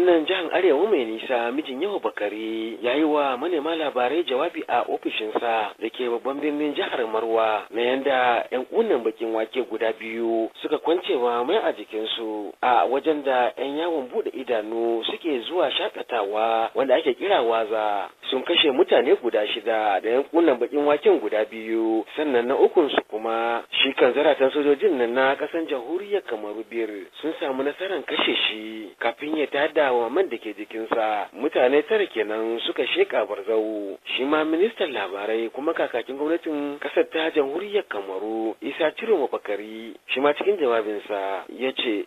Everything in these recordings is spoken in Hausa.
gwamnan jihar arewa mai nisa mijin yau bakari ya yi wa manema labarai jawabi a ofishinsa da ke babban birnin jihar marwa na yanda yan kunnen bakin wake guda biyu suka kwancewa mai a jikinsu a wajen da yan yawon bude idanu suke zuwa shakatawa wanda ake kira waza sun kashe mutane guda shida da yankunan bakin waken guda biyu sannan na ukun su kuma shi kan zaratan sojojin nan na kasan jamhuriyar kamaru biyar sun samu nasarar kashe shi kafin ya tada wa man da ke jikinsa mutane tara kenan suka sheka barzau shi ma ministan labarai kuma kakakin gwamnatin kasar ta jamhuriyar kamaru isa ciro bakari shi ma cikin jawabinsa ya ce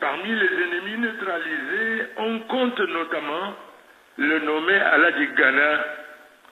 Parmi les ennemis neutralisés, on compte notamment le nommé Alhaji Gana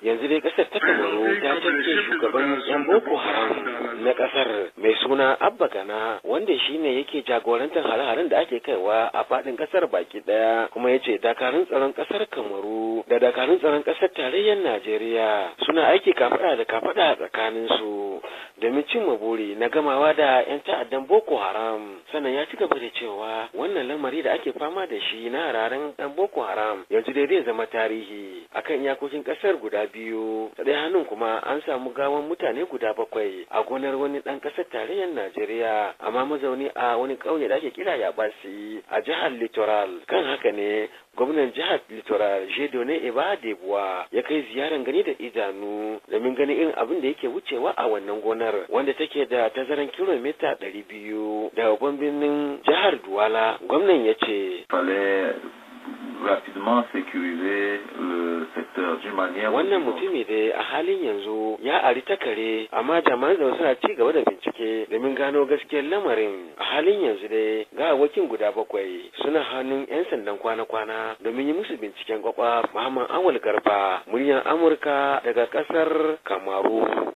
yanzu dai kasar ta kamaru ta cece shugaban yan boko haram na kasar mai suna abba gana wanda shine yake jagorantar hare-haren da ake kaiwa a fadin kasar baki daya kuma yace dakarun tsaron kasar kamaru da dakarun tsaron kasar tarayyar najeriya suna aiki kafada da kafada a tsakanin su domin cimma buri na gamawa da 'yan ta'addan Boko Haram. Sannan ya ci gaba da cewa wannan lamari da ake fama da shi na hararen ɗan Boko Haram yanzu dai zai zama tarihi akan iyakokin ƙasar guda biyu. Ta ɗaya hannun kuma an samu gawan mutane guda bakwai a gonar wani ɗan ƙasar tarayyar Najeriya amma mazauni a wani ƙauye da ake kira Yabasi a jihar Littoral. Kan haka ne gwamnan jihar littoral jedone eba debuwa ya kai ziyaran gani da idanu domin ganin irin abin da yake wucewa a wannan gonar wanda take da tazaran kilomita ɗari biyu daga gwamnan jihar duwala gwamnan ya ce rapidement sécuriser le Wannan mutumi da a halin yanzu ya ari takare amma jama'an da suna ci gaba da bincike domin gano gaskiyar lamarin. A halin yanzu dai ga wakin guda bakwai suna hannun 'yan sandan kwana-kwana domin yi musu binciken kwakwa Muhammad Awal Garba muryar Amurka daga kasar Kamaru.